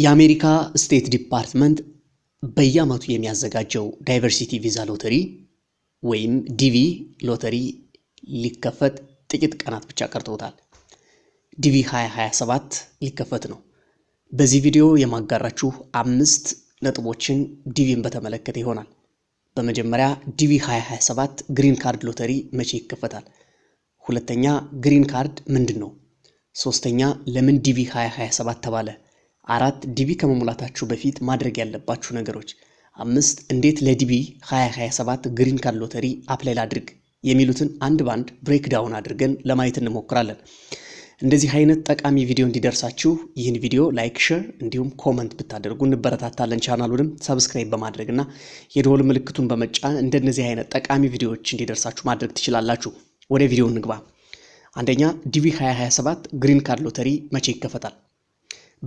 የአሜሪካ ስቴት ዲፓርትመንት በየዓመቱ የሚያዘጋጀው ዳይቨርሲቲ ቪዛ ሎተሪ ወይም ዲቪ ሎተሪ ሊከፈት ጥቂት ቀናት ብቻ ቀርተውታል። ዲቪ 2027 ሊከፈት ነው። በዚህ ቪዲዮ የማጋራችሁ አምስት ነጥቦችን ዲቪን በተመለከተ ይሆናል። በመጀመሪያ ዲቪ 2027 ግሪን ካርድ ሎተሪ መቼ ይከፈታል? ሁለተኛ ግሪን ካርድ ምንድን ነው? ሶስተኛ ለምን ዲቪ 2027 ተባለ? አራት ዲቢ ከመሙላታችሁ በፊት ማድረግ ያለባችሁ ነገሮች፣ አምስት እንዴት ለዲቢ 2027 ግሪን ካርድ ሎተሪ አፕላይ ላድርግ የሚሉትን አንድ ባንድ ብሬክዳውን አድርገን ለማየት እንሞክራለን። እንደዚህ አይነት ጠቃሚ ቪዲዮ እንዲደርሳችሁ ይህን ቪዲዮ ላይክ፣ ሼር እንዲሁም ኮመንት ብታደርጉ እንበረታታለን። ቻናሉንም ሰብስክራይብ በማድረግና የደወል ምልክቱን በመጫን እንደነዚህ አይነት ጠቃሚ ቪዲዮዎች እንዲደርሳችሁ ማድረግ ትችላላችሁ። ወደ ቪዲዮ እንግባ። አንደኛ ዲቪ 2027 ግሪን ካርድ ሎተሪ መቼ ይከፈታል?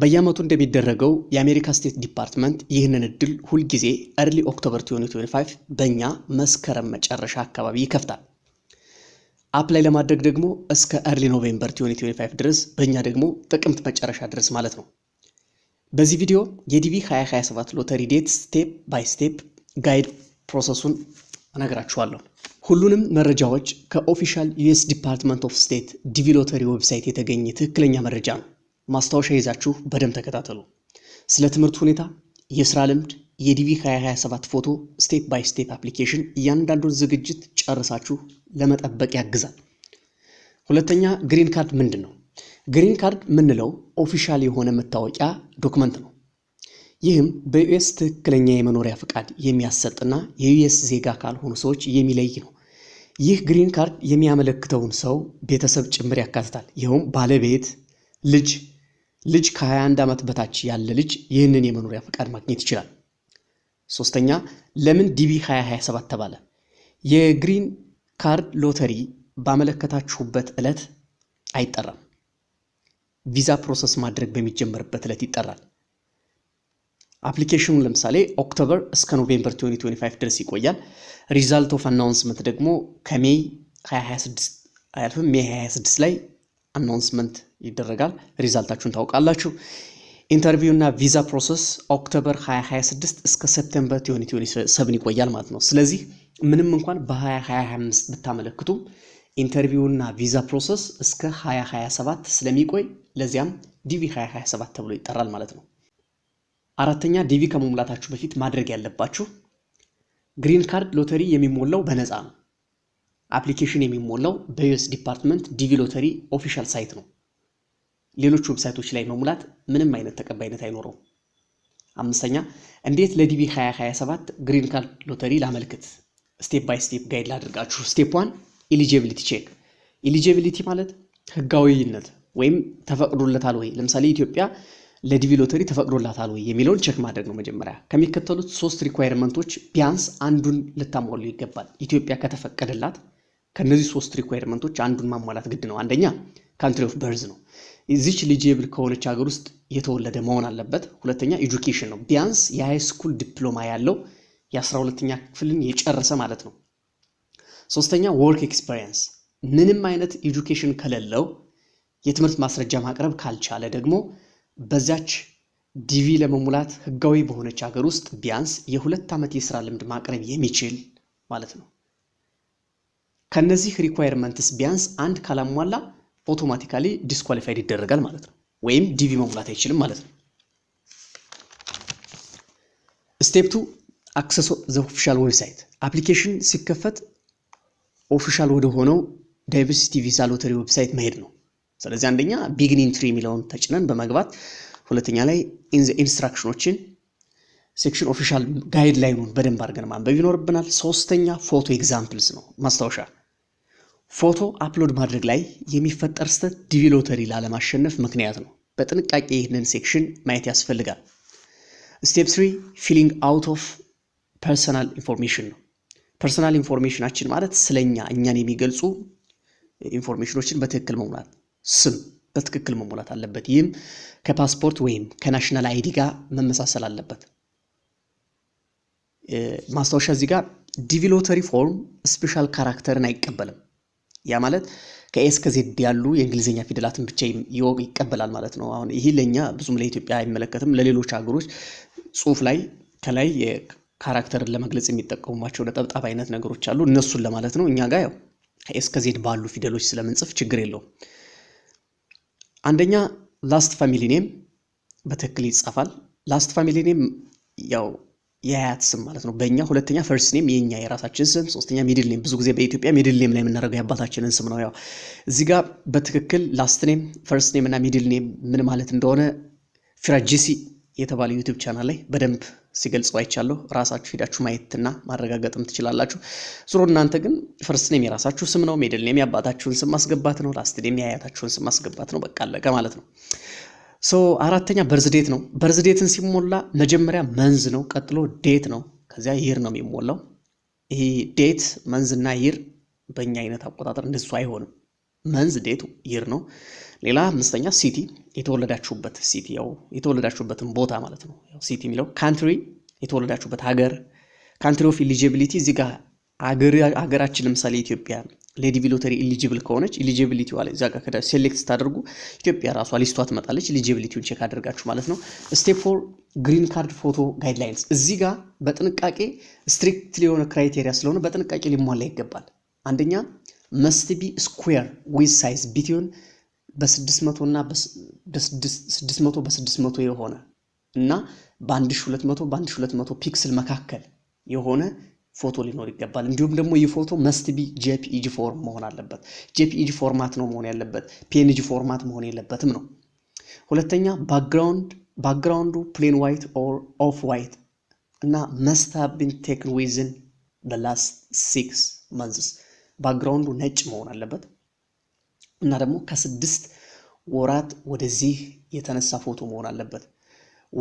በየዓመቱ እንደሚደረገው የአሜሪካ ስቴት ዲፓርትመንት ይህንን እድል ሁልጊዜ ኤርሊ ኦክቶበር 2025 በእኛ መስከረም መጨረሻ አካባቢ ይከፍታል። አፕ ላይ ለማድረግ ደግሞ እስከ ኤርሊ ኖቬምበር 2025 ድረስ በእኛ ደግሞ ጥቅምት መጨረሻ ድረስ ማለት ነው። በዚህ ቪዲዮ የዲቪ 2027 ሎተሪ ዴት ስቴፕ ባይ ስቴፕ ጋይድ ፕሮሰሱን እነግራችኋለሁ። ሁሉንም መረጃዎች ከኦፊሻል ዩኤስ ዲፓርትመንት ኦፍ ስቴት ዲቪ ሎተሪ ዌብሳይት የተገኘ ትክክለኛ መረጃ ነው። ማስታወሻ ይዛችሁ በደንብ ተከታተሉ። ስለ ትምህርት ሁኔታ፣ የስራ ልምድ፣ የዲቪ 2027 ፎቶ ስቴፕ ባይ ስቴፕ አፕሊኬሽን እያንዳንዱን ዝግጅት ጨርሳችሁ ለመጠበቅ ያግዛል። ሁለተኛ ግሪን ካርድ ምንድን ነው? ግሪን ካርድ ምንለው ኦፊሻል የሆነ መታወቂያ ዶክመንት ነው። ይህም በዩኤስ ትክክለኛ የመኖሪያ ፍቃድ የሚያሰጥና የዩኤስ ዜጋ ካልሆኑ ሰዎች የሚለይ ነው። ይህ ግሪን ካርድ የሚያመለክተውን ሰው ቤተሰብ ጭምር ያካትታል። ይኸውም ባለቤት፣ ልጅ ልጅ ከ21 ዓመት በታች ያለ ልጅ ይህንን የመኖሪያ ፈቃድ ማግኘት ይችላል። ሶስተኛ ለምን ዲቢ 2027 ተባለ? የግሪን ካርድ ሎተሪ ባመለከታችሁበት ዕለት አይጠራም። ቪዛ ፕሮሰስ ማድረግ በሚጀመርበት ዕለት ይጠራል። አፕሊኬሽኑ ለምሳሌ ኦክቶበር እስከ ኖቬምበር 2025 ድረስ ይቆያል። ሪዛልት ኦፍ አናውንስመንት ደግሞ ከሜይ 2026 አያልፍም። ሜይ 26 ላይ አናውንስመንት ይደረጋል። ሪዛልታችሁን ታውቃላችሁ። ኢንተርቪው እና ቪዛ ፕሮሰስ ኦክቶበር 2026 እስከ ሴፕቴምበር ቲሆን ሰብን ይቆያል ማለት ነው። ስለዚህ ምንም እንኳን በ2025 ብታመለክቱም ኢንተርቪው እና ቪዛ ፕሮሰስ እስከ 2027 ስለሚቆይ ለዚያም ዲቪ 2027 ተብሎ ይጠራል ማለት ነው። አራተኛ ዲቪ ከመሙላታችሁ በፊት ማድረግ ያለባችሁ ግሪን ካርድ ሎተሪ የሚሞላው በነፃ ነው። አፕሊኬሽን የሚሞላው በዩኤስ ዲፓርትመንት ዲቪ ሎተሪ ኦፊሻል ሳይት ነው። ሌሎች ዌብሳይቶች ላይ መሙላት ምንም አይነት ተቀባይነት አይኖረውም። አምስተኛ እንዴት ለዲቢ 2027 ግሪን ካርድ ሎተሪ ላመልክት? ስቴፕ ባይ ስቴፕ ጋይድ ላድርጋችሁ። ስቴፕ ዋን ኢሊጂቢሊቲ ቼክ። ኢሊጂቢሊቲ ማለት ህጋዊነት ወይም ተፈቅዶለታል ወይ፣ ለምሳሌ ኢትዮጵያ ለዲቪ ሎተሪ ተፈቅዶላታል ወይ የሚለውን ቼክ ማድረግ ነው። መጀመሪያ ከሚከተሉት ሶስት ሪኳየርመንቶች ቢያንስ አንዱን ልታሟሉ ይገባል። ኢትዮጵያ ከተፈቀደላት ከእነዚህ ሶስት ሪኳየርመንቶች አንዱን ማሟላት ግድ ነው። አንደኛ ካንትሪ ኦፍ በርዝ ነው። እዚች ሊጂብል ከሆነች ሀገር ውስጥ የተወለደ መሆን አለበት። ሁለተኛ ኤጁኬሽን ነው። ቢያንስ የሃይ ስኩል ዲፕሎማ ያለው የአስራ ሁለተኛ ክፍልን የጨረሰ ማለት ነው። ሶስተኛ ወርክ ኤክስፐሪየንስ፣ ምንም አይነት ኤጁኬሽን ከሌለው የትምህርት ማስረጃ ማቅረብ ካልቻለ ደግሞ በዛች ዲቪ ለመሙላት ህጋዊ በሆነች ሀገር ውስጥ ቢያንስ የሁለት ዓመት የስራ ልምድ ማቅረብ የሚችል ማለት ነው። ከነዚህ ሪኳየርመንትስ ቢያንስ አንድ ካላሟላ ኦቶማቲካሊ ዲስኳሊፋይድ ይደረጋል ማለት ነው። ወይም ዲቪ መሙላት አይችልም ማለት ነው። ስቴፕ ቱ አክሰስ ዘ ኦፊሻል ዌብሳይት አፕሊኬሽን ሲከፈት ኦፊሻል ወደ ሆነው ዳይቨርሲቲ ቪዛ ሎተሪ ዌብሳይት መሄድ ነው። ስለዚህ አንደኛ ቢግን ኢንትሪ የሚለውን ተጭነን በመግባት ሁለተኛ ላይ ኢንስትራክሽኖችን ሴክሽን ኦፊሻል ጋይድ ላይኑን በደንብ አድርገን ማንበብ ይኖርብናል። ሶስተኛ ፎቶ ኤግዛምፕልስ ነው ማስታወሻ ፎቶ አፕሎድ ማድረግ ላይ የሚፈጠር ስህተት ዲቪ ሎተሪ ላለማሸነፍ ምክንያት ነው። በጥንቃቄ ይህንን ሴክሽን ማየት ያስፈልጋል። ስቴፕ ስሪ ፊሊንግ አውት ኦፍ ፐርሰናል ኢንፎርሜሽን ነው። ፐርሰናል ኢንፎርሜሽናችን ማለት ስለኛ እኛን የሚገልጹ ኢንፎርሜሽኖችን በትክክል መሙላት፣ ስም በትክክል መሙላት አለበት። ይህም ከፓስፖርት ወይም ከናሽናል አይዲ ጋር መመሳሰል አለበት። ማስታወሻ እዚህ ጋር ዲቪ ሎተሪ ፎርም ስፔሻል ካራክተርን አይቀበልም። ያ ማለት ከኤ ያሉ የእንግሊዝኛ ፊደላትን ብቻ ይቀበላል ማለት ነው። አሁን ይህ ለእኛ ብዙም ለኢትዮጵያ አይመለከትም። ለሌሎች ሀገሮች ጽሁፍ ላይ ከላይ ካራክተርን ለመግለጽ የሚጠቀሙባቸው ነጠብጣብ አይነት ነገሮች አሉ። እነሱን ለማለት ነው። እኛ ጋር ያው ባሉ ፊደሎች ስለምንጽፍ ችግር የለውም። አንደኛ ላስት ፋሚሊ ኔም በትክክል ይጻፋል። ላስት ፋሚሊ ኔም ያው የአያት ስም ማለት ነው። በእኛ ሁለተኛ ፈርስት ኔም የኛ የራሳችን ስም፣ ሶስተኛ ሚድል ኔም። ብዙ ጊዜ በኢትዮጵያ ሚድል ኔም ላይ የምናደርገው የአባታችንን ስም ነው። ያው እዚህ ጋር በትክክል ላስት ኔም፣ ፈርስት ኔም እና ሚድል ኔም ምን ማለት እንደሆነ ፊራጂሲ የተባለ ዩቲዩብ ቻናል ላይ በደንብ ሲገልጸው አይቻለሁ። ራሳችሁ ሄዳችሁ ማየትና ማረጋገጥም ትችላላችሁ። ዙሮ እናንተ ግን ፈርስት ኔም የራሳችሁ ስም ነው። ሚድል ኔም የአባታችሁን ስም ማስገባት ነው። ላስት ኔም የአያታችሁን ስም ማስገባት ነው። በቃ አለቀ ማለት ነው። ሶ አራተኛ በርዝዴት ነው። በርዝዴትን ሲሞላ መጀመሪያ መንዝ ነው፣ ቀጥሎ ዴት ነው፣ ከዚያ ይር ነው የሚሞላው። ይሄ ዴት መንዝና ይር በእኛ አይነት አቆጣጠር እንደሱ አይሆንም። መንዝ ዴት ይር ነው። ሌላ አምስተኛ ሲቲ፣ የተወለዳችሁበት ሲቲ፣ ያው የተወለዳችሁበትን ቦታ ማለት ነው። ሲቲ የሚለው ካንትሪ፣ የተወለዳችሁበት ሀገር። ካንትሪ ኦፍ ኢሊጂቢሊቲ እዚህ ጋር ሀገራችን ለምሳሌ ኢትዮጵያ ለዲቪ ሎተሪ ኢሊጂብል ከሆነች ኢሊጂቢሊቲዋ ላይ እዛ ጋር ሴሌክት ስታደርጉ ኢትዮጵያ ራሷ ሊስቷ ትመጣለች። ኢሊጂቢሊቲውን ቼክ አደርጋችሁ ማለት ነው። ስቴፕ ፎር ግሪን ካርድ ፎቶ ጋይድላይንስ። እዚህ ጋር በጥንቃቄ ስትሪክት የሆነ ክራይቴሪያ ስለሆነ በጥንቃቄ ሊሟላ ይገባል። አንደኛ መስት ቢ ስኩዌር ዊዝ ሳይዝ ቢትዮን በ600 እና በ600 በ600 የሆነ እና በ1200 በ1200 ፒክስል መካከል የሆነ ፎቶ ሊኖር ይገባል። እንዲሁም ደግሞ ይህ ፎቶ መስት ቢ ጄፒኢጂ ፎርም መሆን አለበት። ጄፒኢጂ ፎርማት e ነው መሆን ያለበት፣ ፒኤንጂ ፎርማት መሆን የለበትም ነው። ሁለተኛ ባክግራውንድ ባክግራውንዱ ፕሌን ዋይት ኦር ኦፍ ዋይት እና መስት ሃቭ ቢን ቴክን ዊዝን ዘ ላስት ሲክስ መንዝስ ባክግራውንዱ ነጭ መሆን አለበት እና ደግሞ ከስድስት ወራት ወደዚህ የተነሳ ፎቶ መሆን አለበት።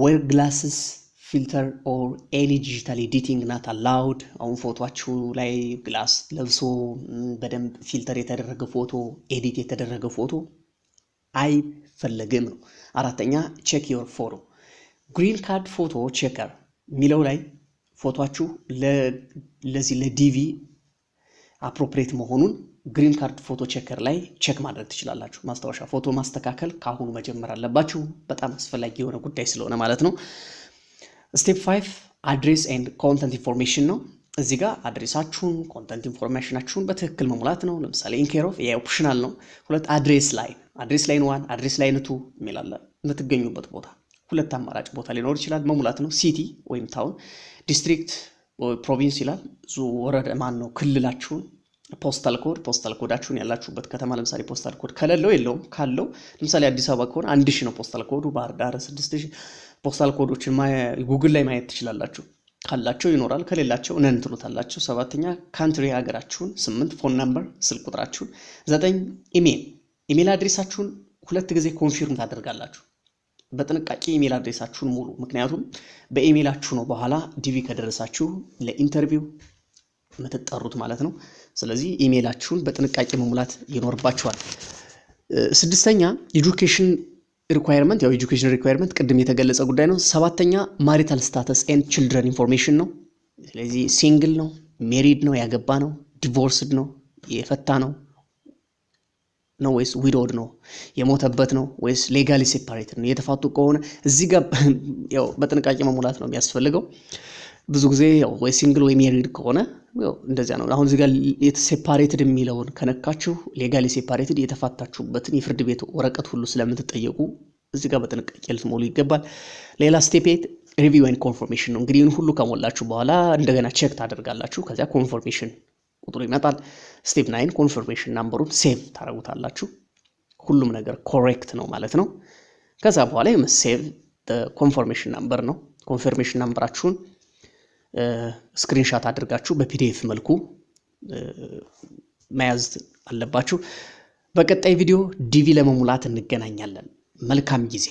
ዌር ግላስስ ፊልተር ኦር ኤኒ ዲጂታል ኤዲቲንግ ናት አላውድ። አሁን ፎቶችሁ ላይ ግላስ ለብሶ በደንብ ፊልተር የተደረገ ፎቶ፣ ኤዲት የተደረገ ፎቶ አይፈለግም ነው። አራተኛ ቼክ ዮር ፎቶ ግሪን ካርድ ፎቶ ቼከር የሚለው ላይ ፎቶችሁ ለዚህ ለዲቪ አፕሮፕሬት መሆኑን ግሪን ካርድ ፎቶ ቼከር ላይ ቼክ ማድረግ ትችላላችሁ። ማስታወሻ ፎቶ ማስተካከል ከአሁኑ መጀመር አለባችሁ። በጣም አስፈላጊ የሆነ ጉዳይ ስለሆነ ማለት ነው። ስቴፕ ፋይቭ አድሬስ ኤንድ ኮንተንት ኢንፎርሜሽን ነው። እዚህ ጋር አድሬሳችሁን ኮንተንት ኢንፎርሜሽናችሁን በትክክል መሙላት ነው። ለምሳሌ ኢንኬር ኦፍ ኦፕሽናል ነው። ሁለት አድሬስ ላይን አድሬስ ላይን ዋን አድሬስ ላይን ቱ የሚላለ የምትገኙበት ቦታ ሁለት አማራጭ ቦታ ሊኖር ይችላል መሙላት ነው። ሲቲ ወይም ታውን፣ ዲስትሪክት ፕሮቪንስ ይላል ዙ ወረደ ማን ነው ክልላችሁን ፖስታል ኮድ ፖስታል ኮዳችሁን ያላችሁበት ከተማ ለምሳሌ ፖስታል ኮድ ከሌለው የለውም። ካለው ለምሳሌ አዲስ አበባ ከሆነ አንድ ሺህ ነው ፖስታል ኮዱ፣ ባህር ዳር ስድስት ሺህ ፖስታል ኮዶችን ጉግል ላይ ማየት ትችላላችሁ። ካላቸው ይኖራል፣ ከሌላቸው ነን ትሉታላችሁ። ሰባተኛ ካንትሪ ሀገራችሁን፣ ስምንት ፎን ነምበር ስልክ ቁጥራችሁን፣ ዘጠኝ ኢሜል ኢሜል አድሬሳችሁን ሁለት ጊዜ ኮንፊርም ታደርጋላችሁ። በጥንቃቄ ኢሜል አድሬሳችሁን ሙሉ። ምክንያቱም በኢሜላችሁ ነው በኋላ ዲቪ ከደረሳችሁ ለኢንተርቪው የምትጠሩት ማለት ነው። ስለዚህ ኢሜላችሁን በጥንቃቄ መሙላት ይኖርባችኋል። ስድስተኛ ኤጁኬሽን ሪኳየርመንት ያው ኤጁኬሽን ሪኳየርመንት ቅድም የተገለጸ ጉዳይ ነው። ሰባተኛ ማሪታል ስታተስ ኤንድ ችልድረን ኢንፎርሜሽን ነው። ስለዚህ ሲንግል ነው፣ ሜሪድ ነው፣ ያገባ ነው፣ ዲቮርስድ ነው፣ የፈታ ነው ነው ወይስ ዊዶድ ነው፣ የሞተበት ነው ወይስ ሌጋሊ ሴፓሬት ነው፣ የተፋቱ ከሆነ እዚህ ጋር ያው በጥንቃቄ መሙላት ነው የሚያስፈልገው። ብዙ ጊዜ ያው ወይ ሲንግል ወይ ሜሪድ ከሆነ እንደዚያ ነው። አሁን እዚህ ሴፓሬትድ የሚለውን ከነካችሁ ሌጋሊ ሴፓሬትድ የተፋታችሁበትን የፍርድ ቤት ወረቀት ሁሉ ስለምትጠየቁ እዚ ጋር በጥንቃቄ ልትሞሉ ይገባል። ሌላ ስቴፕ ኤይት ሪቪው ኮንፎርሜሽን ነው። እንግዲህ ሁሉ ከሞላችሁ በኋላ እንደገና ቼክ ታደርጋላችሁ። ከዚያ ኮንፎርሜሽን ቁጥሩ ይመጣል። ስቴፕ ናይን ኮንፎርሜሽን ናምበሩን ሴቭ ታደረጉታላችሁ ሁሉም ነገር ኮሬክት ነው ማለት ነው። ከዛ በኋላ ሴቭ ኮንፎርሜሽን ናምበር ነው። ኮንፎርሜሽን ናምበራችሁን ስክሪንሻት አድርጋችሁ በፒዲኤፍ መልኩ መያዝ አለባችሁ። በቀጣይ ቪዲዮ ዲቪ ለመሙላት እንገናኛለን። መልካም ጊዜ